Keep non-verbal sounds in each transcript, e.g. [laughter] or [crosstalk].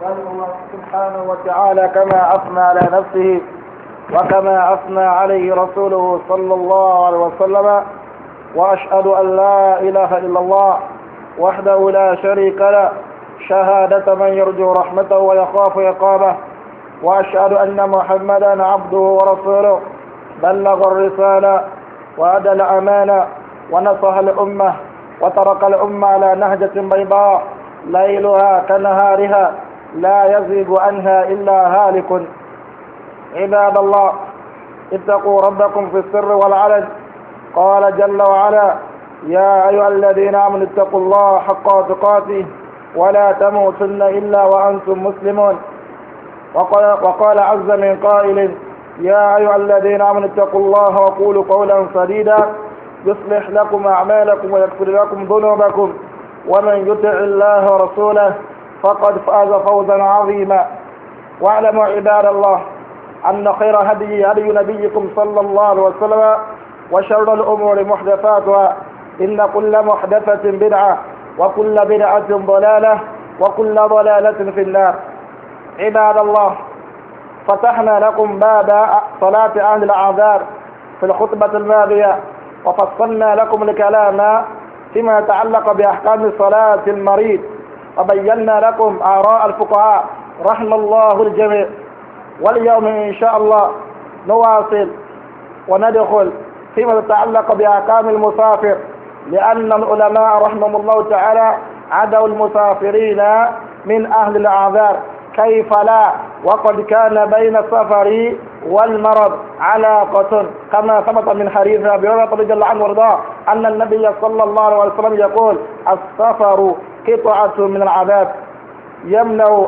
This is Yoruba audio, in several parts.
بل هو سبحانه وتعالى كما أثنى على نفسه وكما أثنى عليه رسوله صلى الله عليه وسلم وأشهد أن لا إله إلا الله وحده لا شريك له شهادة من يرجو رحمته ويخاف عقابه وأشهد أن محمدا عبده ورسوله بلغ الرسالة وأدى الأمانة ونصح الأمة وترك الأمة على نهجة بيضاء ليلها كنهارها لا يزيد عنها إلا هالك عباد الله اتقوا ربكم في السر والعلن قال جل وعلا يا أيها الذين آمنوا اتقوا الله حق تقاته ولا تموتن إلا وأنتم مسلمون وقال, وقال عز من قائل يا أيها الذين آمنوا اتقوا الله وقولوا قولا سديدا يصلح لكم أعمالكم ويغفر لكم ذنوبكم ومن يطع الله ورسوله فقد فاز فوزا عظيما واعلموا عباد الله أن خير هدي هدي نبيكم صلى الله عليه وسلم وشر الأمور محدثاتها إن كل محدثة بدعة وكل بدعة ضلالة وكل ضلالة في النار عباد الله فتحنا لكم باب صلاة أهل الأعذار في الخطبة الماضية وفصلنا لكم الكلام فيما يتعلق بأحكام صلاة المريض وبينا لكم آراء الفقهاء رحم الله الجميع واليوم إن شاء الله نواصل وندخل فيما يتعلق بأحكام المسافر لأن العلماء رحمهم الله تعالى عدوا المسافرين من أهل الأعذار كيف لا وقد كان بين السفر والمرض علاقة كما ثبت من حديث أبي هريرة رضي الله عنه وارضاه أن النبي صلى الله عليه وسلم يقول السفر قطعة من العذاب يمنع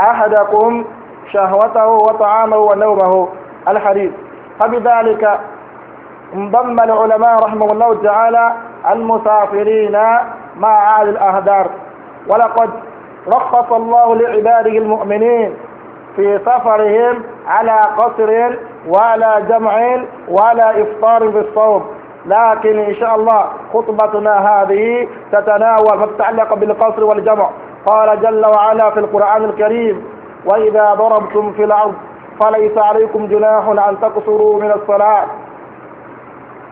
أحدكم شهوته وطعامه ونومه الحديث فبذلك انضم العلماء رحمه الله تعالى المسافرين مع عاد الأهدار ولقد رخص الله لعباده المؤمنين في سفرهم على قصر وعلى جمع وعلى إفطار بالصوم لكن إن شاء الله خطبتنا هذه تتناول ما تتعلق بالقصر والجمع قال جل وعلا في القرآن الكريم وإذا ضربتم في الأرض فليس عليكم جناح أن تقصروا من الصلاة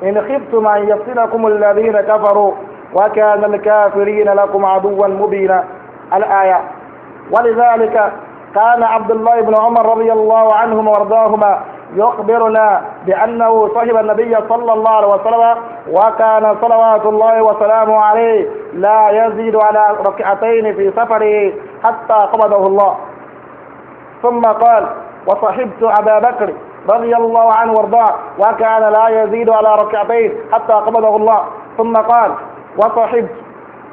إن خفتم أن يفتنكم الذين كفروا وكان الكافرين لكم عدوا مبينا الآية ولذلك كان عبد الله بن عمر رضي الله عنهما وارضاهما يخبرنا بأنه صاحب النبي صلى الله عليه وسلم وكان صلوات الله وسلامه عليه لا يزيد على ركعتين في سفره حتى قبضه الله ثم قال وصحبت أبا بكر رضي الله عنه وارضاه وكان لا يزيد على ركعتين حتى قبضه الله ثم قال وصحبت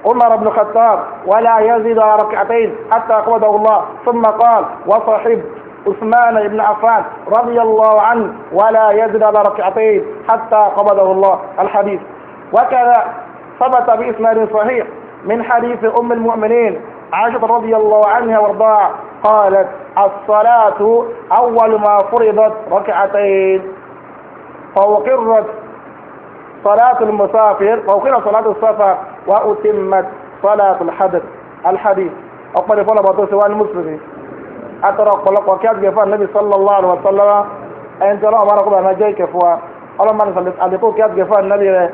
عمر بن الخطاب ولا يزيد على ركعتين حتى قبضه الله ثم قال وصحبت عثمان بن عفان رضي الله عنه ولا على ركعتين حتى قبضه الله الحديث وكذا ثبت بإسناد صحيح من حديث أم المؤمنين عائشة رضي الله عنها وارضاها قالت الصلاة أول ما فرضت ركعتين فوقرت صلاة المسافر فوقرت صلاة السفر وأتمت صلاة الحدث الحديث أقبل فلا بطوس المسلمين atọrọ ọ̀pọ̀lọpọ̀ kí adìgbẹ fún anabi sallallahu alaihi wa sallam ẹni tí ọlọ́wọ́ bára kó bàmí ẹjọ́ ìkẹ́ fún wa ọlọ́mọ àdìpọ̀ kí adìgbẹ fún anabi rẹ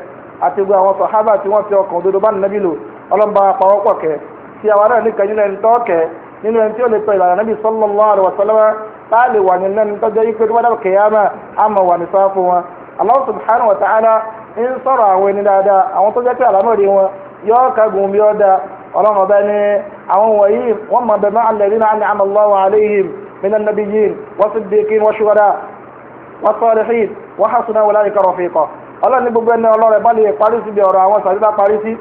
àti gbogbo àwọn sọ̀hábà tí wọ́n fi ọkàn òdodo bá nàbí lò ọlọ́mọ àpawọ́pọ̀ kẹ tí àwọn ará nìkan nínú ẹni tọ́ kẹ nínú ẹni tí ó lè tọ ìlànà nàbí sallallahu alaihi wa tá a lè wà nínú ẹni tọ́jọ́ yí tó bá dàbọ̀ kẹyàmà á mọ̀ wà ní sáfù wọn Allah subhanahu wa ta'ala ń sọ̀rọ̀ àwọn ẹni dáadáa àwọn tó pé àlámọ̀rí wọn yọ ọ́ kagun bí ọ́ dáa ọlọ́run ọba ní àwọn wọ̀nyí wọ́n mọ̀ bẹ̀rẹ̀ máa lẹ̀rí náà ní amallahu alayhim minan nabiyyin was-siddiqin wash-shuhada was-salihin wa hasuna ulaika rafiqa ọlọ́run ní gbogbo ẹni ọlọ́rẹ̀ bá lè parí síbi ọ̀rọ̀ àwọn sàbíbá parí sí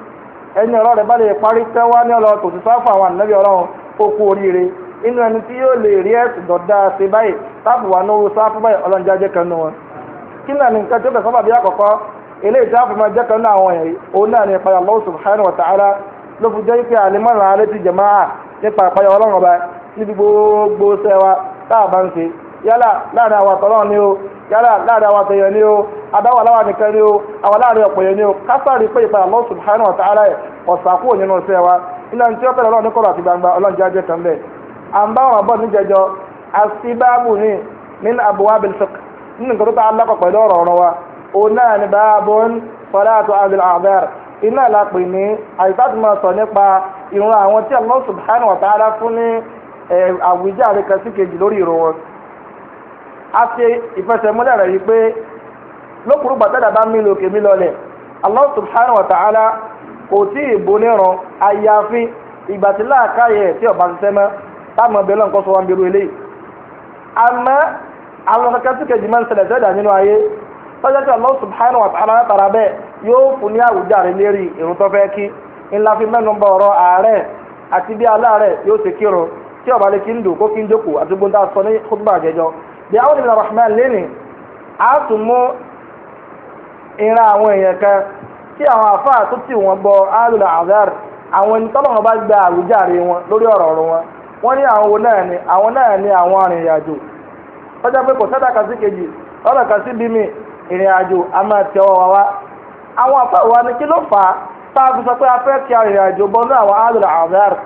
ẹni ọlọ́rẹ̀ bá lè parí tẹ́wá ní ọlọ́ tòṣì sáfù àwọn ànábì ọlọ́run oríire inú ẹni tí yóò lè rí ẹ̀sìn dọ̀dá ṣe báyìí sáfù wà nóru sáfù báyìí ọlọ́run jáde kan wọn. kí náà ta'ala ló fi jẹ́ pé àlemọ́ra létí jàmáà nípa àpáyọ ọlọ́run ọba níbi gbogbo sẹ́wa tá a bá ń ṣe yálà láàrin àwọn àtọ́lọ́run ni o yálà láàrin àwọn àtẹ̀yẹ ni o adáwọ̀ aláwọ̀ nìkan ni o àwọn láàrin ọ̀pọ̀ yẹn ni o kásárì pé ìpàdé Allah subhanahu wa ta'ala ẹ̀ ọ̀sàkó nínú sẹ́wa ilé ẹni tí ó tẹ̀lé ọlọ́run ní kọ̀rọ̀ àti gbangba ọlọ́run jẹ́ min abuwaabil fiqh nínú nǹkan tó ta alákọ̀ pẹ̀lú ọ̀rọ̀ ọ̀rọ̀ wa òun náà iná la pè ní àìsàtú máa sọ nípa ìran àwọn tí Allah subhanahu wa ta'ala fún ní àwùjáre kan sí kejì lórí ìrò wọn. a ṣe ìfẹsẹ̀múlẹ̀ rẹ̀ yìí pé lókùrú gbàtẹ́dà bá mi lòkè mi lọlẹ̀ Allah subhanahu wa ta'ala kò tí ì boníran àyàfi ìgbà tí láàkáyè tí ọba ṣiṣẹ́ mọ́ táwọn ọbẹ̀ lọ́nkọ́ sọ wọn bí irú eléyìí. àmọ́ àwọn kankan sí kejì máa ń ṣẹlẹ̀ sẹ́dà nínú ayé lọ́jọ́ tí Allah subhanahu wa ta'ala tara bẹ́ẹ̀ yóò fún ní àwùjáre lérí irun tó fẹ́ kí ńlá fi mẹ́nu bọ̀ ọ̀rọ̀ ààrẹ àti bí aláàrẹ yóò ṣe kírun tí ọba lè kí ń dùn kó kí ń jókòó àti gbóńdà sọ ní kútùbà àjẹjọ bí àwọn ènìyàn rahman lẹ́nìí a tún mú ìran àwọn èèyàn kan tí àwọn àfáà tó tì wọ́n bọ alùlà azhar àwọn ẹni tọ́lọ́wọ́n bá gba àwùjáre wọn lórí ọ̀rọ̀ ìrìn àjò a máa tẹ ọwọ́ wa àwọn àpá ìwà ni kí ló fà á tá a fi sọ pé a fẹ́ kí arìnrìn àjò àwọn àlọ́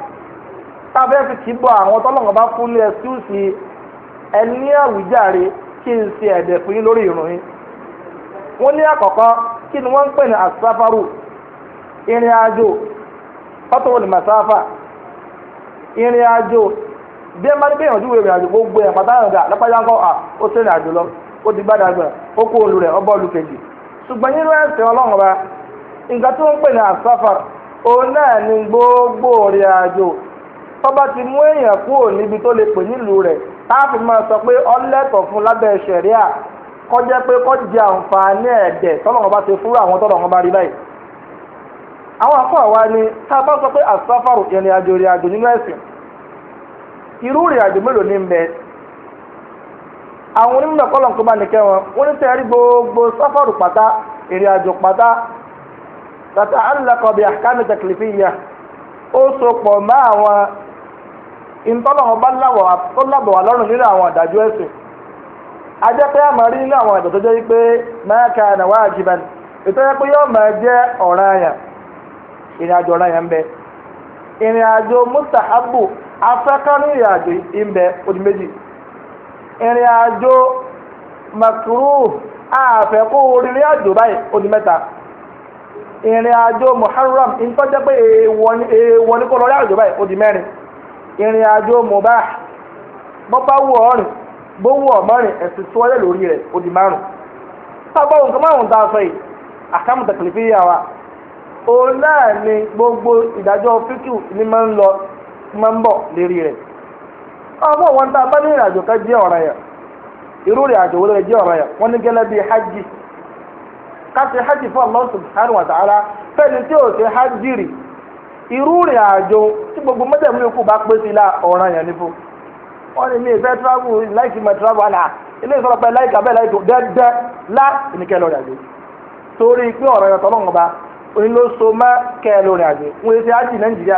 tá a fẹ́ fi kì í bọ àwọn tọ́lọ́ngàn bá fún ní ẹ̀síùsì ẹni ní àwùjáre kí n ṣe ẹ̀dẹ̀ fún yín lórí ìrun wọ́n ní àkọ́kọ́ kí ni wọ́n ń pè ní àsáfárù ìrìn àjò ọ̀tọ̀ wọn ni màsáfà ìrìn àjò bí ẹ máa ń gbìyànjú ìrìn àjò gbogbo ẹ̀ lọ́pàá yá ń kọ́ à ó àjò lọ ó ti gbàdàgbà ó kó olú rẹ̀ ọbọ̀ olùkejì ṣùgbọ́n nínú ẹ̀sìn ọlọ́run nǹkan tó ń pè ní àsáfà ni gbogbo òrìn àjò bá ti mú èèyàn kúrò níbi tó lè pè nílùú rẹ̀ máa sọ pé ọlẹ́tọ̀ fún lábẹ́ kọjá pé kọjá àǹfààní ẹ̀dẹ̀ tọ́lọ́run bá fúrú àwọn tọ́lọ́run bá rí àwọn àwa ni bá sọ pé ìrìn àjò ìrìn àjò nínú ẹ̀sìn irú ìrìn àjò mélòó ní àwọn onímọ̀kọ́lọ̀ kọ́lọ̀ nke bá nìkẹ́ wọn wọ́n ní tẹ̀rí gbogbo sáfàrù pátá ìrìn àjò pátá tata alilakọ bi akami takilifi ó so pọ̀ mọ́ àwọn ìtọ́lọ́wọ́ bá lábọ̀ wà lọ́rùn nínú àwọn àdájọ́ ẹ̀sìn nínú àwọn máa ka àná pé yóò máa jẹ́ ọ̀ràn àyàn ìrìn àjò ọ̀ràn ìrìn àjò makruh àfẹ́kù orílẹ̀ àjò báyìí ó mẹ́ta ìrìn àjò muharram ìtọ́jẹ́ pé èèwọ̀ ní kó lọ rí àjò báyìí ó mẹ́rin ìrìn àjò mubah bọ́pá wù ọ́rìn ẹ̀sìn tí wọ́n lórí rẹ̀ a sọ yìí gbogbo ìdájọ́ ni máa ń lọ máa rẹ̀. ọmọ wọn tá a bá ní ìrìn àjò kan jẹ́ ọ̀ràn irú ìrìn àjò wọlé jẹ́ ọ̀ràn yẹn wọ́n ní gẹ́lẹ́ bíi hajj káṣí hajj fún Allah subhanahu wa ta'ala fẹ́ni tí hajj rì irú tí gbogbo mọ́tẹ̀mú yòókù bá pé la ọ̀ràn yẹn fún mi travel travel ilé láìka bẹ́ẹ̀ láìka dẹ́dẹ́ lá ìníkẹ́ lórí àjò torí pé yẹn tọ́lọ́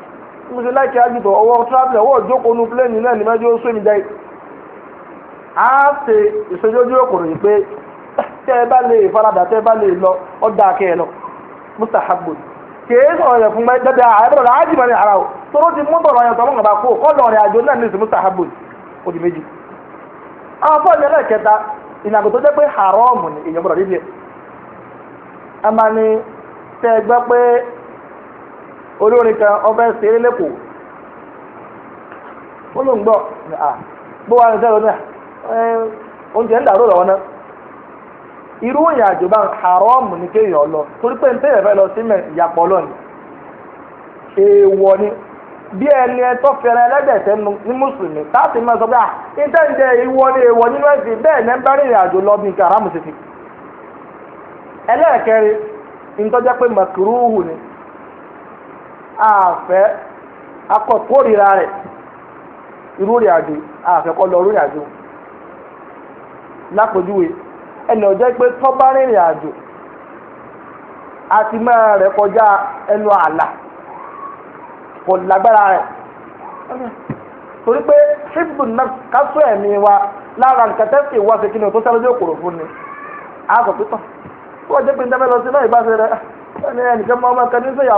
mo ṣe láìkí ọwọ́ traveller ọwọ́ ìjókòó nu plẹ́ẹ̀nì náà ní a ṣe ìṣojú ọkùnrin pé tẹ́ ẹ bá lè faradà tẹ́ ẹ bá lè lọ ọ́ kẹ́ ẹ lọ mustahabu sọ̀rọ̀ yẹn fún o ti mú tọ̀rọ̀ yẹn tọ́lọ́ kó o kọ́ lọ́ọ̀rẹ́ àjò náà ní ìsìn mustahabu ó di méjì. àwọn fọ́ọ̀lù yẹn ìnàgò tó jẹ́ pé haram ni èèyàn gbọ́dọ̀ níbi ẹ̀. máa ní tẹ́ ẹ olórin kan ofe ṣeré lẹ́kọ̀ọ́ ó ló ń gbọ́ bó wà ní sẹ́wọ̀n náà oúnjẹ ń dàrú lọ́wọ́ náà irú òyìn àjò bá ń haramu ní kéèyàn lọ torí pé nítorí ẹ̀fẹ́ lọ sí ìyàpọ̀ lọ́nìí èèwọ̀ ni bí ẹni ẹ tó fẹ́ràn ẹlẹ́dẹ̀ẹ́sẹ̀ ní mùsùlùmí máa sọ pé à ìwọ ni èèwọ̀ nínú ẹ̀sìn bẹ́ẹ̀ ní bá rìnrìn àjò lọ bí nǹkan haramu àfẹ́ akọ̀kórìíra rẹ̀ irú àjò àfẹ́kọ́ lọ àjò ọjọ́ pé tọ́ba rìnrìn àjò àti máa rẹ̀ kọjá ẹnu ààlà kò lágbára rẹ̀ torí pé ṣíbùn náà kásù ẹ̀mí wa lára nǹkan tẹ́sí ìwà kí ní òkòrò fún ni a sọ pé tán jẹ́ pé ní lọ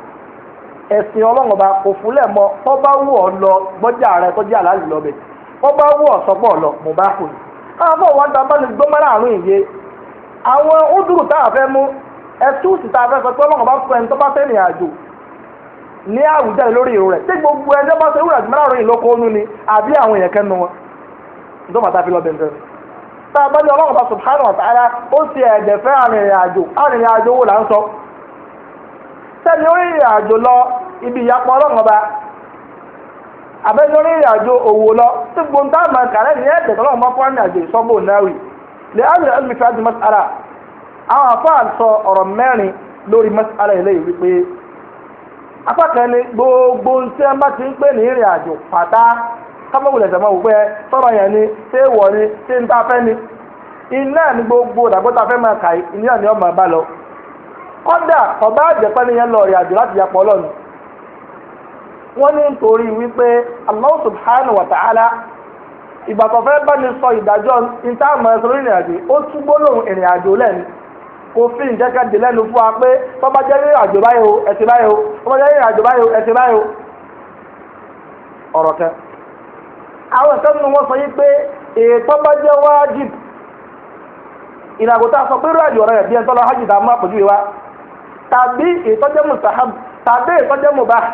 ẹ̀sìn ọlọ́run ọba kò fúnlẹ̀ mọ tó bá wù ọ lọ gbọ́jà rẹ tó jẹ́ àlàlù lọ bẹ̀ tó bá wù ọ sọ́pọ̀ lọ mo bá kò ní. àwọn ọ̀wọ́n ta bá lè gbọ́ mọ́ra àrùn ìyẹ àwọn ọdúró tá a fẹ́ mú ẹtúùsì tá a fẹ́ sọ pé ọlọ́run ọba fún ẹni tó bá fẹ́ rìn àjò ní àwùjọ lórí ìrò rẹ̀ tí gbogbo ẹni tó bá fẹ́ wúrà mọ́ra àrùn ìlọ́kọ ọ̀nù ni àbí àwọn èèyàn kẹ́nu wọn sẹ́ni ó àjò lọ ibi ya ọlọ́run ọba àbẹ́ni ó rìnrìn àjò òwò lọ tí gbóńtà máa kàrẹ́ ní ẹ̀ẹ́dẹ̀ tọ́lọ́run bá fún àjò ìsọ́gbó náírì lè á rìn ẹ̀mí fíájú mọ́sálà àwọn àfáà sọ ọ̀rọ̀ mẹ́rin lórí mọ́sálà gbogbo tí bá ti ń pè ní ìrìn àjò wípé sọ́rọ̀ yẹn ni ṣé wọ̀ ni ṣé ń tá a fẹ́ ni ní gbogbo kọ́dà ọba àjẹpẹ́ nìyẹn lọ rìn àjò láti yapọ̀ lọ́nu. wọ́n ní nítorí wípé Allah subhanahu wa ta'ala ìgbà tó fẹ́ bá ní sọ ìdájọ́ ìtààmọ̀ ìrìn àjò ó tún gbólóhùn àjò lẹ́nu kò fi ìjẹ́kẹ́ lẹ́nu fún wa pé tọ́ba jẹ́ ìrìn àjò báyìí o ẹ̀sìn báyìí o tọ́ba jẹ́ ìrìn àjò báyìí o ẹ̀sìn báyìí tàbí ìtọ́jẹ́ mustahab tàbí ìtọ́jẹ́ mubah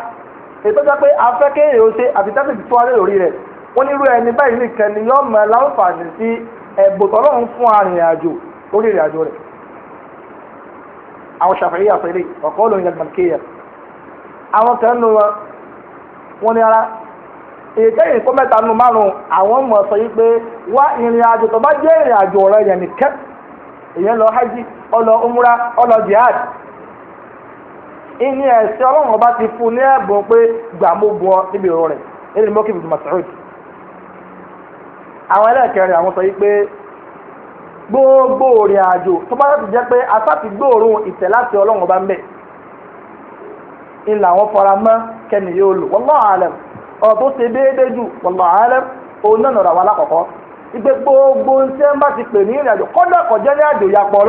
ìtọ́jẹ́ pé afẹ́kẹ́yìn ó ṣe àti tẹ́sítì tó wáyé lórí rẹ̀ wọ́n nírú ẹni báyìí nìkan ni yọ́ọ́ mọ láǹfààní sí ẹ̀bùtọ́ lọ́hún fún arìnrìnàjò lórí ìrìnàjò rẹ̀ àwọn Ṣàfi'í àfẹ́lẹ́ ọ̀kọ́ olóyìn àgbàkéyà àwọn kan nù wọn wọn ni ara ìkẹyìn kó mẹ́ta nù márùn àwọn mọ̀ sọ yìí pé wá ìrìnàjò tó bá jẹ́ ìrìnàjò rẹ̀ yẹn nìkẹ́ ìyẹn lọ hajj ọlọ umra ọlọ jihad ìní ẹ̀sìn ọlọ́run ọba ti fún ní ẹ̀bùn pé gbà mú bu ọ níbi ìrọ̀ rẹ̀ ẹni mọ́kì bìbí masoud àwọn ẹlẹ́ẹ̀kẹrin àwọn sọ yìí pé gbogbo òrìn àjò tó bá láti jẹ́ pé asáti gbòòrùn ìtẹ̀ láti ọlọ́run ọba ń bẹ̀ ńlá àwọn fara mọ́ kẹ́ni yóò lò wallahu alam ọ̀rọ̀ tó ṣe déédéé jù wallahu alam òun náà nọ̀rọ̀ àwọn alákọ̀ọ́kọ́ ìgbẹ́ gbogbo ń ṣe ń bá ti pè ní ìrìn àjò kọ́dọ̀ kọjá ní àjò ìyapọ̀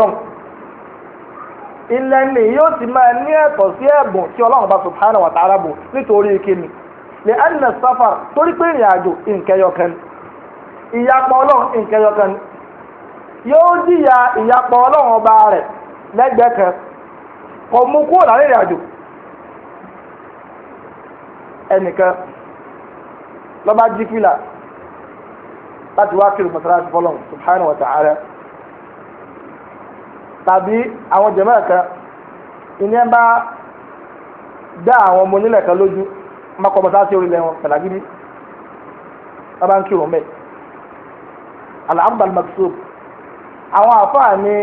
ilẹ̀ ni yóò ti máa ní ẹ̀tọ́ sí ẹ̀bùn tí ọlọ́run bá subhanahu wa ta'ala ori nítorí kíni lè ẹnìyàn sáfàr torí pé ìrìn àjò nkẹyọkan ìyapọ̀ ọlọ́run nkẹyọkan yóò jìyà ìyapọ̀ ọlọ́run ọba rẹ̀ lẹ́gbẹ̀ẹ́ kan kò mú kúrò láàrin ìrìn àjò ẹnìkan lọ́ba jí fìlà láti wá kiri mọ̀sára ti fọlọ́run tàbí àwọn jẹ̀mọ́ kan ìyẹn bá dá àwọn ọmọ onílẹ̀ kan lójú mọ́kọ́ mọ́sáàsì orílẹ̀ wọn pẹ̀lágídí bàbá ń kírun mẹ́ alhamdul maksub àwọn àfáà ni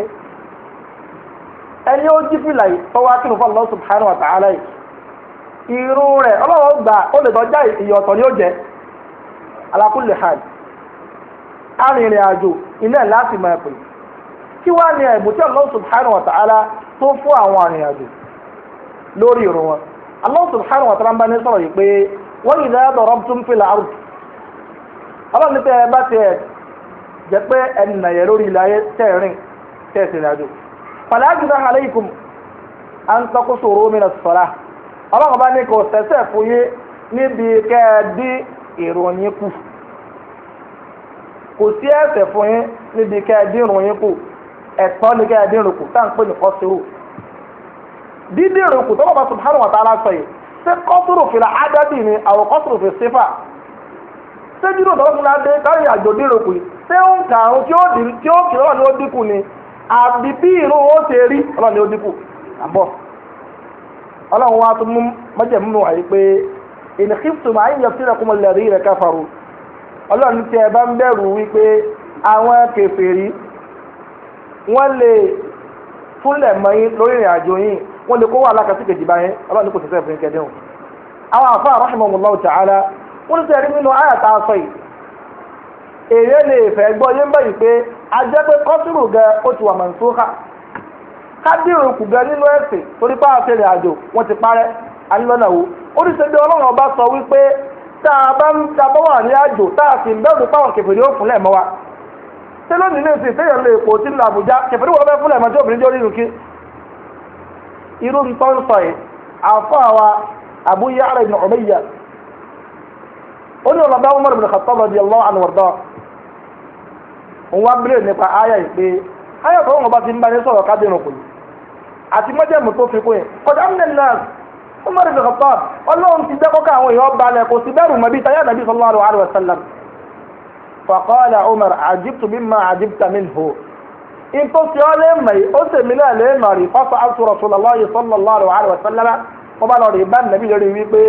ẹni ó jí fìlà yìí tọ́wọ́ akínú fún Allah subhanahu wa ta'ala yìí irun rẹ̀ ọlọ́wọ́ gbà ó lè ni ó jẹ́ arìnrìn kí ni ní ẹ̀bùn tí Allah subhanahu wa ta'ala tó fún àwọn arìnrìnàjò lórí irun wọn Allah subhanahu wa ta'ala ń bá ní sọ̀rọ̀ yìí pé wọ́n yìí dáadọ̀ rọ́bùtún n'i ta ọlọ́run ní tẹ́ ẹ bá tiẹ̀ jẹ́ pé ẹnìyàn yẹn lórí ilẹ̀ ayé tẹ̀rín ìrìnàjò an taqsuru min as-salah ọlọ́run bá ní kò sẹ́sẹ̀ fún níbi kẹ́ ẹ dín ìròyìn kù kò sí ẹ̀ṣẹ̀ fún níbi kẹ́ ẹ ìròyìn kù. ẹ̀tọ́ ní kẹ́ ẹ dín ń pè ní kọ́sùrù dídín rúkú tó bàbá subhanahu wa ta'ala sọ yìí ṣé ni àwọn kọ́sùrù fi sífà ṣé dídò tó fún adé káyọ̀ àjò dín yìí ṣé ń kà ń tí ó tí ó ó dínkù ni àbí bí ó ṣe rí ọlọ́run ni ó dínkù àbọ̀ ọlọ́run wa tún mú mọ́jẹ̀mú wọ́n lè túnlẹ̀ mọ́ yín lórí ìrìn àjò yín wọ́n lè kó wà lákàtí kejì báyẹn ọlọ́run kò sẹ́sẹ́ fún kẹ́dẹ́hùn. àwọn àfa wọ́n rí nínú yìí èrè lè fẹ́ gbọ́ yín pé a jẹ́ pé kọ́sùrù gan ó ti wà mọ̀nsókà kádìrì kù gan nínú ẹ̀sìn torí pé àti ìrìn ti parẹ́ alílọ́nà sọ ṣé lónìí ní oṣù ìfẹ́yàn lè pò tí ń lọ àbújá kẹfẹ́ níwọ̀n fẹ́ fúnlẹ̀ mọ́tò obìnrin jẹ́ orí nìkí. irú ń tọ́ ń sọ yìí àfọ́ àwa Abu Ya'la ibn Umayya ó ní ọ̀nà bá Umar ibn Khattab radiyallahu anhu warda òun bílẹ̀ nípa áyà yìí pé áyà tó ti ń bá ní sọ̀rọ̀ àti tó fi kún yìí kọjá ń ọlọ́run ti فقال عمر عجبت mímọ́ عجبت منه ìtòsí ọlẹ́ mẹ́yì ó tèmi náà lè mọ̀ rí fọ́fọ́ àtúrọ̀ sọlọ́lá yìí sọlọ́lá rẹ̀ wàhálà wàsálàmà wọ́n bá lọ rí bá nàbí lórí wípé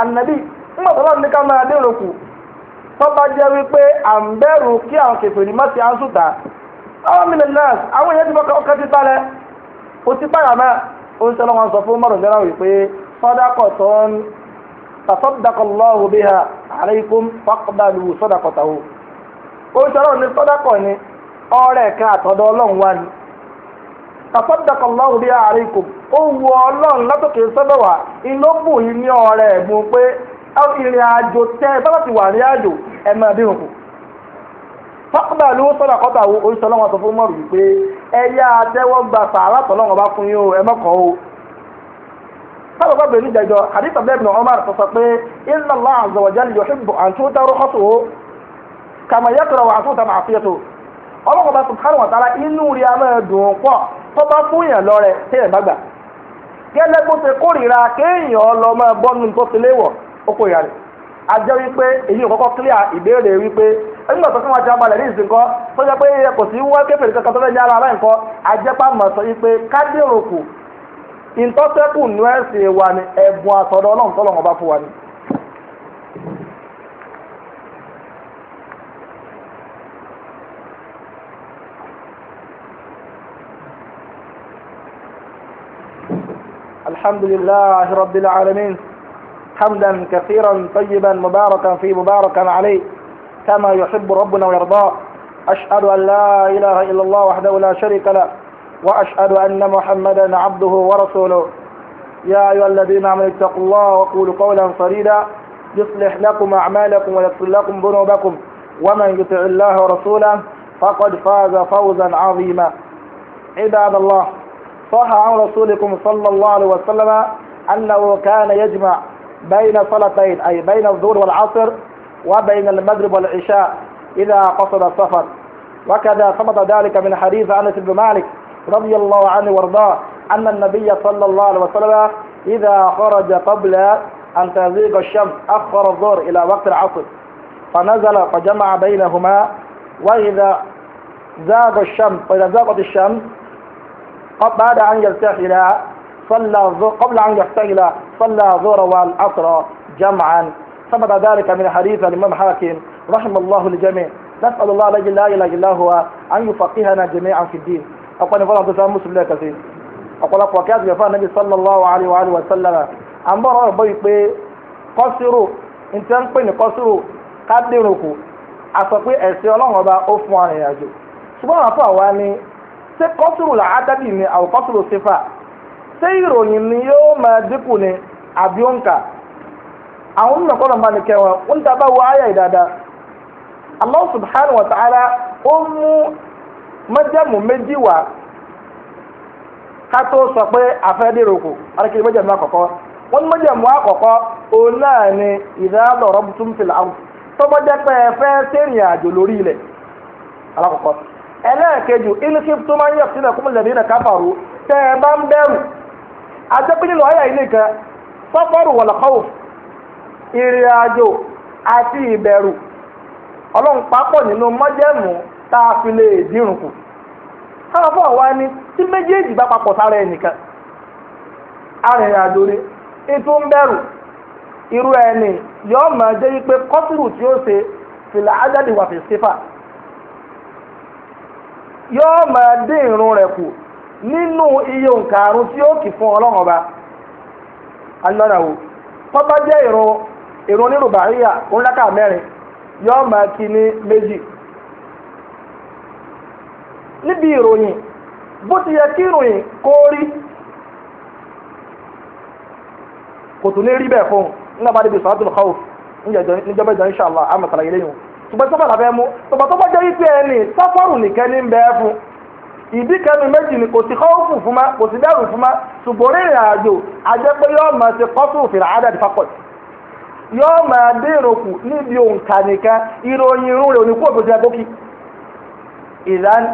ànàbí ńgbà tó lọ́ọ̀ ní ká máa dé òkú tó bá jẹ́ wípé à ń bẹ̀rù kí àwọn kẹfìrì má ti án sùtà àwọn mílíọ̀n náà àwọn èèyàn ti fọkàn ọkàn ti balẹ̀ ó ti pààyà náà ó ń sọ lọ́wọ́ sọ fún mọ́rùn jẹ́rà wípé sọ́dákọ̀ tó ń tasaddaqallahu biha alaykum faqbalu sọ́dákọ̀ tàwọn. oṣù ọlọ́run ní sọ́dákọ̀ ni ọ̀rẹ́ kan àtọ̀dọ̀ ọlọ́run wá ni tàfọ́dàkọ̀ lọ́run bí ààrẹ kò ó wu ọlọ́run látòkè sọ́dọ̀ wá bù ní ọ̀rẹ́ ẹ̀gbọ́n pé ìrìn àjò ẹ ti wà ní àjò ẹ máa bí òkú fọ́kùnbà ló wo oṣù ọlọ́run sọ fún mọ́rù wípé ẹ yá gba sàárà tọ́lọ́run bá fún yín o ẹ mọ́kọ̀ o bá bẹ̀rù àdìsọ̀ bẹ́ẹ̀ bí ọmọ rẹ̀ sọ pé kama yẹtọrọ wà fún tàmà àfihàn ọlọ́kọ̀ọ́ba subhanahu wa inú rí a máa dùn pọ̀ tó bá fún yẹn lọ́rẹ̀ téèyàn bá gbà gẹ́lẹ́ bó ṣe kórìíra kéèyàn lọ máa bọ́nu tó ṣe léwọ̀ ó rẹ̀ a jẹ́ wípé èyí ò kọ́kọ́ clear ìbéèrè wípé nígbà tó kí ní tó pé kò sí kéfèrè kankan ara sọ wípé kádìrò kù ìtọ́sẹ́kù ẹ̀sìn wa الحمد لله رب العالمين حمدا كثيرا طيبا مباركا فيه مباركا عليه كما يحب ربنا ويرضاه أشهد أن لا إله إلا الله وحده لا شريك له وأشهد أن محمدا عبده ورسوله يا أيها الذين آمنوا اتقوا الله وقولوا قولا صديدا يصلح لكم أعمالكم ويغفر لكم ذنوبكم ومن يطع الله ورسوله فقد فاز فوزا عظيما عباد الله صح عن رسولكم صلى الله عليه وسلم أنه كان يجمع بين صلاتين أي بين الظهر والعصر وبين المغرب والعشاء إذا قصد السفر وكذا ثبت ذلك من حديث أنس بن مالك رضي الله عنه وارضاه أن النبي صلى الله عليه وسلم إذا خرج قبل أن تزيغ الشمس أخر الظهر إلى وقت العصر فنزل فجمع بينهما وإذا زاغ الشمس وإذا زاغت الشمس بعد أن يرتحل صلى قبل أن يرتحل صلى الظهر والعصر جمعا ثبت ذلك من حديث الإمام حاكم رحم الله الجميع نسأل الله الذي لا إله إلا هو أن يفقهنا جميعا في الدين أقول فرح تسام مسلم لك سيد أقول أقوى كاتب يفعل النبي صلى الله عليه وآله وسلم أن برا بيقى قصروا إن تنقين قصروا قدروا أفقوا أسيالهم وبا أفوا عن يجو سبحان الله ṣé kọ́sùrù làádàbì ni àwọn kọ́sùrù sífà ṣé ìròyìn ni yóò máa dínkù ni àbí òǹkà àwọn mímọ̀ kọ́ lọ́nba ni kẹwọn ń dábàá wọ àyà ìdada Allah subhanahu wa ta'ala ó mú mẹ́jẹ̀mú méjì wá ká tó sọ pé àfẹ́déròkò alákìlẹ̀ mẹ́jẹ̀mú àkọ́kọ́ wọ́n ní mẹ́jẹ̀mú àkọ́kọ́ òun náà ni idha darabtum fil ard tọ́bọ́jẹ́ pé ẹ fẹ́ sẹ́rìn àjò lórí ilẹ̀ alákọ̀ọ́kọ́. ẹlẹ́ẹ̀kejì ilé tó máa ń yọ̀ sílẹ̀ kúmọ̀ lẹ́bí náà káfàrú tẹ́ ẹ bá ń bẹ̀rù àtẹ́pínlẹ̀ lọ́ọ̀yà ilé kan sọ́fọ́rù wọ̀lọ́kọ́wò ìrìn àjò àti ìbẹ̀rù ọlọ́run pápọ̀ nínú mọ́jẹ́mù a fi lè dírun kù káwọn fún ni tí méjèèjì bá papọ̀ sára ẹnìkan arìnrìn àjò ni ètò ń bẹ̀rù irú ẹni máa jẹ́ wípé tí ó yóò máa dín irun rẹ̀ kù nínú iye òǹkà àrùn tí ó kì fún ọlọ́run ọba alọ́nà wo tọ́ba jẹ́ irun irun ní rùbáríyà mẹ́rin yóò máa kí ní méjì níbi ìròyìn bó ti yẹ kí ìròyìn kó rí kò tún ní rí bẹ́ẹ̀ fún insha ṣùgbọ́n sábà làbẹ́ mú tọ̀bà tó bá jẹ́ ipe ẹni sáfọ́rù nìkan ní bẹ́ẹ̀ fún ìdí kẹnu méjì ni kò sí kọ́ọ̀fù fún ma kò sí dẹ́rù fún ma ṣùgbọ́n orí ìrìn àjò ajẹ́pẹ́ yóò máa ṣe kọ́sù fìrà ádàdì fakọ̀t yóò máa dé ìròkù níbi òǹkà nìkan ìròyìn irun rẹ̀ òní kú òbí ṣe gòkì. ìlànà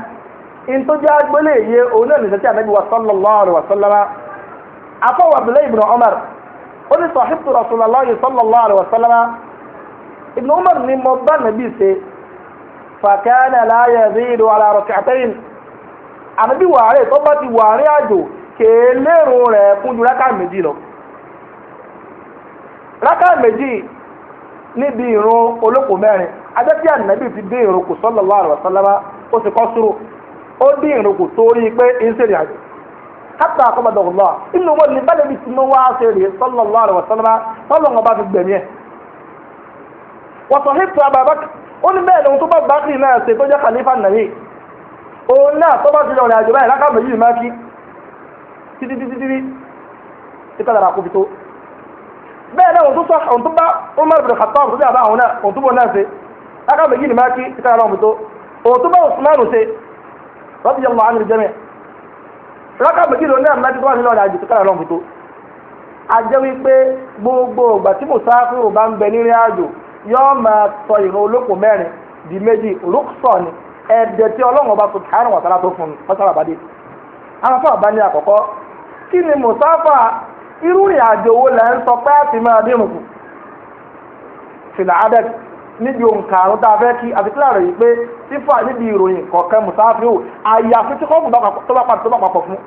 ìtọ́jú agbélé yẹ òun náà nìṣẹ́ tí wa sallallahu alaihi wa sallama afọwọ́ abdullahi ibn umar ó ní sọ̀hìbtu rasulallah sallallahu alaihi wa ibn umar ni mo bá nàbí ise, fàkànà láàyè zíìdù alárọ̀kàtẹ́yìn ànábì wàárẹ̀ tó bá ti wàárẹ̀ àjò kèélérun rẹ̀ fún ju rákà méjì lọ rákà méjì níbi ìrun olóko mẹ́rin ajẹ́tí ànábì ti dín ìrun kù sallallahu alaihi wasallam ó sì kọ́ sùúrù ó dín ìrun kù torí pé ń ṣèrìn àjò hata akọmọdọ̀gbọ̀n inú wọn ní bá lè fi ti wá sọlọ wọn bá wọ́sọ̀ hìtù ababakar ó ní bẹ́ẹ̀ lóhun tó bá bákìrì náà ṣe tó jẹ́ khalifa nàyè òun náà tó bá ti lọ rìn àjò báyìí lákàmù yìí máa kí títí títí títí tí kádàrá kó fi tó bẹ́ẹ̀ náà òun tó sọ òun tó bá Umar bin Khattab tó dàbá àwọn náà òun tó bọ̀ náà ṣe lákàmù yìí máa kí tí kádàrá kó fi tó òun tó bá Usman ṣe radiyallahu anhu jami' rákàmù yìí lóun náà máa kí tó bá ti lọ rìn àjò tí kádàrá kó fi tó a jẹ́ wípé gbogbo ìgbà tí mùsáfírù bá ń bẹ nírin àjò yóò máa sọ ìrun olóko mẹ́rin di méjì rúkṣọ ni ẹ̀dẹ̀ tí ọlọ́run ọba subhanahu wa ta'ala tó fún un ọ̀sára àbádé àwọn fún àbáni àkọ́kọ́ kí ni mùsáfà irú ìrìn àjò wo lẹ́ ń sọ pé àti máa dínrùn kù fìlà adẹ́t níbi òǹkà àrùn tá a fẹ́ kí àti kíláà rẹ̀ yìí pé fífà níbi ìròyìn kọ̀ọ̀kan mùsáfà ò àyàfi tí kọ́ọ̀mù tó bá papọ̀ fún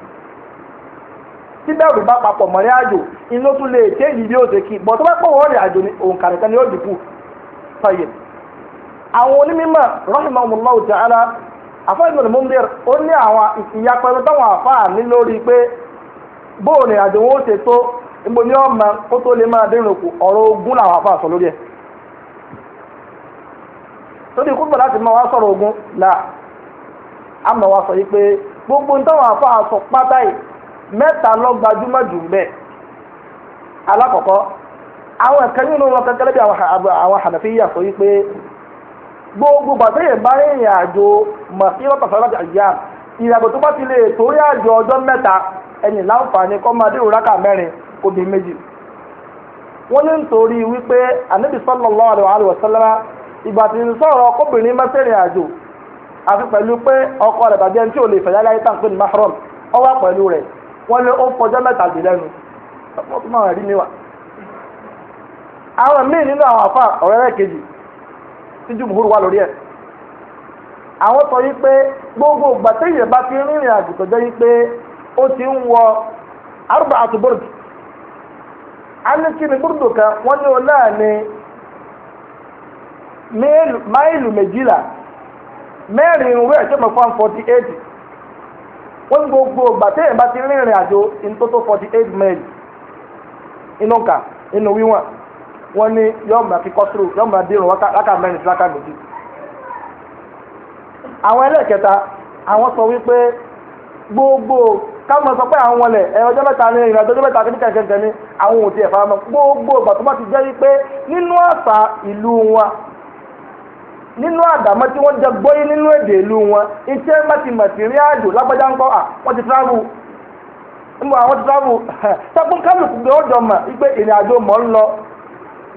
tí bẹ́ẹ̀rù bá papọ̀ mọ́rí àjò inú tún lè ké yìí bí ó ṣe kí bọ̀ tó bá pọ̀ wọ́ọ̀rì àjò òǹkà nìkan ni ó dínkù Qayyim àwọn onímọ̀ rahimahullahu ta'ala àfáà Ibn Mundhir ó ní àwọn ìyapa ẹni táwọn ní lórí pé bóun ni àjò ó ṣe tó níbo ni wọn mọ kó tó lè máa ọ̀rọ̀ ogun làwọn sọ lórí ẹ̀ lórí kúndùn láti máa wá sọ̀rọ̀ ogun là á mọ̀ wá sọ pé gbogbo táwọn àfáà sọ pátá yìí mẹ́ta ló jù àwọn ẹ̀ka nínú wọn kankan lẹ́bi àwọn hànàfíyà sọ wípé gbogbo gbàtẹ́yẹ̀ bá rìnrìn àjò màsíwọ́n pàṣẹ àyà ìrìnàjò tó bá ti lè torí àjò ọjọ́ mẹ́ta ẹni láǹfààní kọ́ máa dérò rákà mẹ́rin obìnrin méjì. wọ́n ní nítorí wípé ànábì sallallahu alaihi wa sallam ìgbà tí ń sọ̀rọ̀ ọkọ̀bìnrin mẹ́sẹ̀rìn àjò àfi pẹ̀lú pé ọkọ rẹ̀ bàjẹ́ tí ò lè fẹ̀yà láyé tàǹpé ní mahram ọwọ́ pẹ̀lú rẹ̀ wọ́n lé ó fọjọ́ mẹ́ta dì lẹ́nu. ọ̀pọ̀ tó máa rí mi àwọn míì nínú àwọn àfa ọ̀rẹ́rẹ́ kejì tí jùmùhúrù wà lórí ẹ̀ àwọn sọ yìí pé gbogbo ìgbà bá ti rìnrìn àjò tó yìí pé ó ti ń wọ arúgbó àtúbọ̀rù alikini burdu kan wọ́n ní ọlá ní máìlù méjìlá mẹ́rin ẹ̀ṣẹ́ mọ̀ fún forty eight gbogbo ìgbà bá ti rìnrìn àjò ní forty eight mẹ́rin inú kà wọn ní yọ́n máa kíkọ́ tó yọ́n máa dé irun láka mẹ́rin sí láka méjì. àwọn ẹlẹ́ẹ̀kẹta àwọn sọ wípé gbogbo káwọn sọ pé àwọn wọlé ẹ̀rọ ọjọ́ mẹ́ta ní ìrìn àjò ọjọ́ mẹ́ta ní kẹ̀kẹ́kẹ́ ní àwọn òtí ẹ̀fà mọ́ gbogbo ti wípé nínú àṣà ìlú nínú tí jẹ gbóyé nínú èdè ìlú wọn iṣẹ́ má ti mọ̀ sí rí àjò [laughs] jọ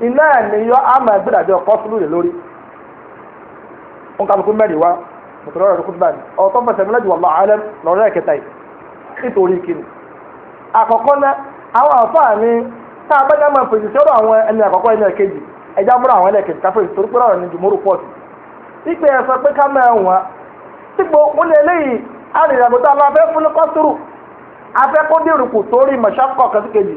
iná ẹ̀nìyọ́ àmà ẹgbẹ́dàjọ́ kọ́sùlù rẹ̀ lórí wọn kàbùkù mẹ́rin wá mùtọ́lọ́ rẹ̀ kúndùbà ọ̀tọ́ fẹsẹ̀ mẹ́lẹ́jù wà yìí nítorí àkọ́kọ́ àwọn àǹfààní tá a bá yá máa fèsì sọ́dọ̀ àwọn ẹni àkọ́kọ́ ẹni múra àwọn ẹni ẹ̀kejì káfíńsì torí pé ni ìpè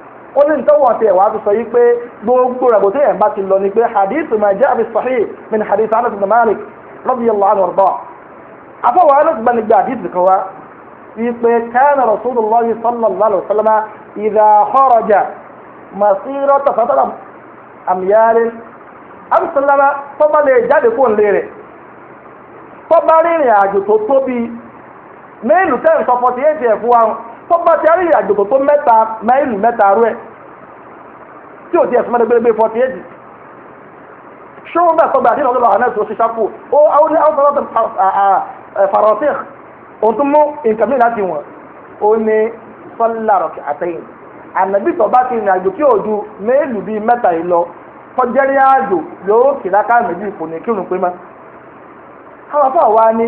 ó ní nítorí wọn ti ẹ̀wà ti sọ yìí pé gbogbo rẹ̀ bó ti ẹ̀ bá ti lọ ni pé hadith ma jẹ́ àbí sahih min hadith anas bin malik radiyallahu anhu ọ̀rọ̀ afọwọ́ anas bin malik gba hadith kan wa yìí pé kana rasulullah sallallahu alayhi wa sallam idha kharaja masiro tafasala amyarin amusalama tọ́ba lè jáde kó n lè tọ́ba rìnrìn àjò tó tóbi mélòó tẹ̀ ń sọ fọ́tí ẹ̀ tó bá ti rí ìrìnàjò tó mẹ́ta máìlì mẹ́ta rẹ̀ tí ò tiẹ̀ súnmọ́dé gbégbé forty eight ṣóun bẹ́ẹ̀ sọ́gbà àti ìlọ́dọ̀ àwọn ẹ̀sùn ṣiṣẹ́ kù ó àwọn ọ̀sán faransé òun tún mú nǹkan mìíràn láti wọ̀n ó ní sọ́lá rọ̀kì àtẹ̀yìn ànàbí tó bá ti ìrìnàjò tí ò ju máìlì bíi mẹ́ta yìí lọ kọjẹ́rí àjò yóò kìlákà méjì kò ní kírun pé mọ́ àwọn afọ àwa ni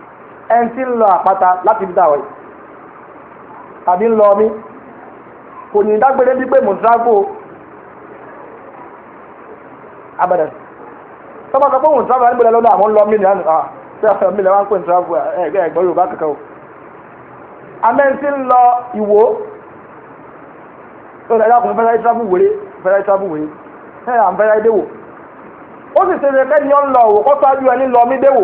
ẹni tí ń lọ àpáta láti ibi táwọn yìí tàbí ń lọ ọmí kò ní dágbére bí pé mùsùlùmí abẹ́rẹ́ tọ́ba sọ pé mùsùlùmí àti ìgbẹ́lẹ́ lọ́dọ̀ àwọn ń lọ mí nìyẹn ah ṣé ọ̀sẹ̀ mi lè wá ń pè mùsùlùmí ẹ̀gbẹ́ ẹ̀gbọ́n Yorùbá kankan o amẹ́ni tí ń lọ ìwò ó dáadáa kún fẹ́rẹ́ ìtàbù wèrè fẹ́rẹ́ ìtàbù wèrè ẹ̀ à ń fẹ́rẹ́ ìdéwò ó sì ṣe ṣe kẹ́ni ọ̀ ń lọ òwò kó sáájú ẹni lọ mí déwò.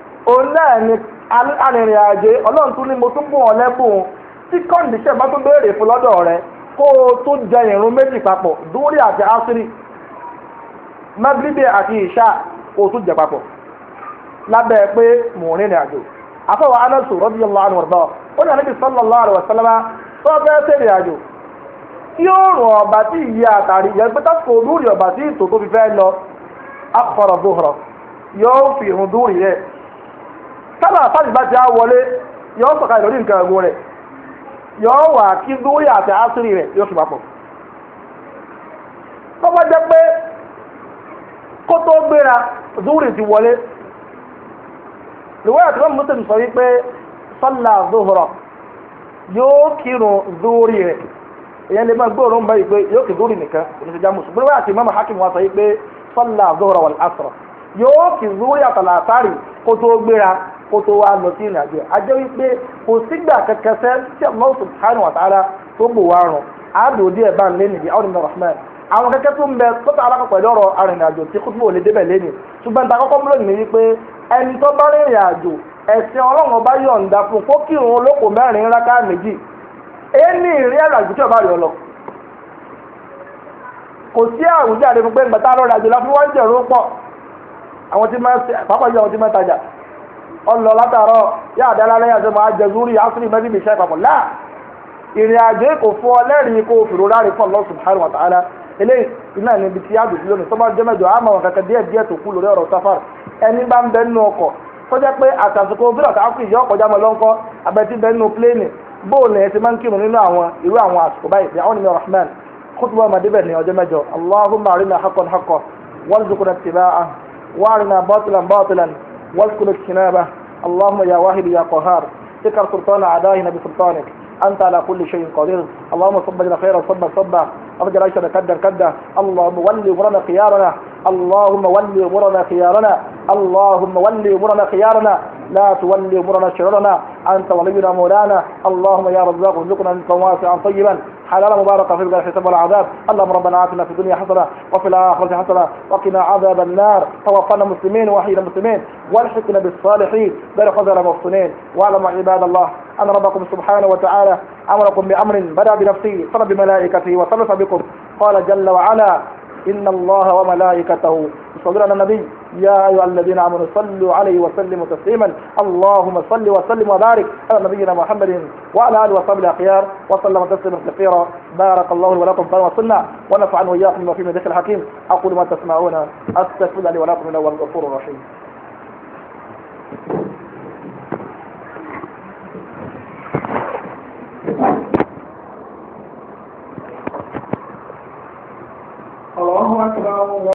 òun náà ni arìnrìn ọlọ́run tún ní mo tún bùn lẹ́bùn tí kọ́ndíṣẹ̀ bá tún béèrè fún lọ́dọ̀ rẹ kó o tún jẹ ìrun méjì papọ̀ dúrí àti asiri magribi àti ìṣá kó o tún jẹ papọ̀ lábẹ́ pé mò ń rìnrìn àjò ó ní tó fẹ́ àjò ó rùn ọ̀bà tí ìyẹ àtàrí yẹn pé ọ̀bà tí ìtò tó fi fẹ́ lọ yóò fi yẹn tábà àfáàdì ti á wọlé yóò sọ̀ka ìlórí nǹkan ẹ̀gbọ́n rẹ̀ yóò wà kí lórí àti àṣírí rẹ̀ yóò ṣùgbọ́n pọ̀. jẹ́ pé kó tó gbéra zúrì ti wọlé lùwẹ́ àtúwọ́n mùsùlùmí sọ wípé sọ́là zuhra yóò kírun zúrì rẹ̀ èyàn lè máa gbóòórùn báyìí pé yóò kí zúrì nìkan oníṣẹ́jà mùsùlùmí lùwẹ́ àti mọ́mọ́ hakim wa sọ wípé sọ́là zuhra wal asra yóò kì í zúwúrì àtàlà àtàrí kó tó gbéra kó tó wá lọ sí ìrìnàjò ẹ̀ ajẹ́ wípé kò sígbà tí Allah subhanahu wa ta'ala tó bò wá rùn àádùn òdì bá ń lé nìyí àwọn kẹkẹ tó ń bẹ tó ta alákọ̀ pẹ̀lú ọ̀rọ̀ arìnrìnàjò tí débẹ̀ lé ọba fún kó olóko mẹ́rin rákà méjì èyí ní ìrìn àjò tí ọba rẹ̀ lọ kò sí àwọn tí máa ṣe pápá yìí àwọn tí máa tajà ọlọ látàárọ̀ yá àdálálẹ ya sọ máa jẹ zúrì asúrì mẹsì mi ṣe papọ̀ láà ìrìn àjò kò fún ọ lẹ́rìí kó o fèrò láàrin fún ta'ala eléyìí iná níbi tí yá dùn lónìí sọba jẹ mẹ́jọ àmọ́ a kankan díẹ̀ díẹ̀ tó kú lórí ọ̀rọ̀ safar ẹni bá ń bẹ nínú ọkọ̀ tó pé yọ ọkọ̀ jámọ́ lọ́nkọ́ abẹ́tí bẹ nínú pléènì bóòlù ẹ̀ ti máa ń kírun nínú àwọn irú àwọn báyìí وارنا باطلا باطلا واسكن اجتنابه اللهم يا واهب يا قهار ذكر سلطان اعدائنا بسلطانك انت على كل شيء قدير اللهم صب لنا خيرا صبا صبا ارجع عيشنا كدا كدا اللهم ول امورنا خيارنا اللهم ول امورنا خيارنا اللهم ول امورنا خيارنا لا تولي أمورنا شررنا أنت ولينا مولانا اللهم يا رزاق ارزقنا رزقا واسعا طيبا حلالا مباركا في الحساب والعذاب اللهم ربنا آتنا في الدنيا حسنة وفي الآخرة حسنة وقنا عذاب النار توفنا مسلمين وحيد المسلمين والحقنا بالصالحين بل خزر المحسنين واعلموا عباد الله أن ربكم سبحانه وتعالى أمركم بأمر بدأ بنفسه صلى بملائكته وصلى بكم قال جل وعلا إن الله وملائكته يصلون على النبي يا أيها الذين آمنوا صلوا عليه وسلموا تسليما اللهم صل وسلم وبارك على نبينا محمد وعلى آله وصحبه الأخيار وسلم تسليما كثيرا بارك الله لي ولكم في وصلنا ونفعني وإياكم من ذكر الحكيم أقول ما تسمعون أستغفر لي ولكم من أول الغفور الرحيم Thank you. Allahu Akbar.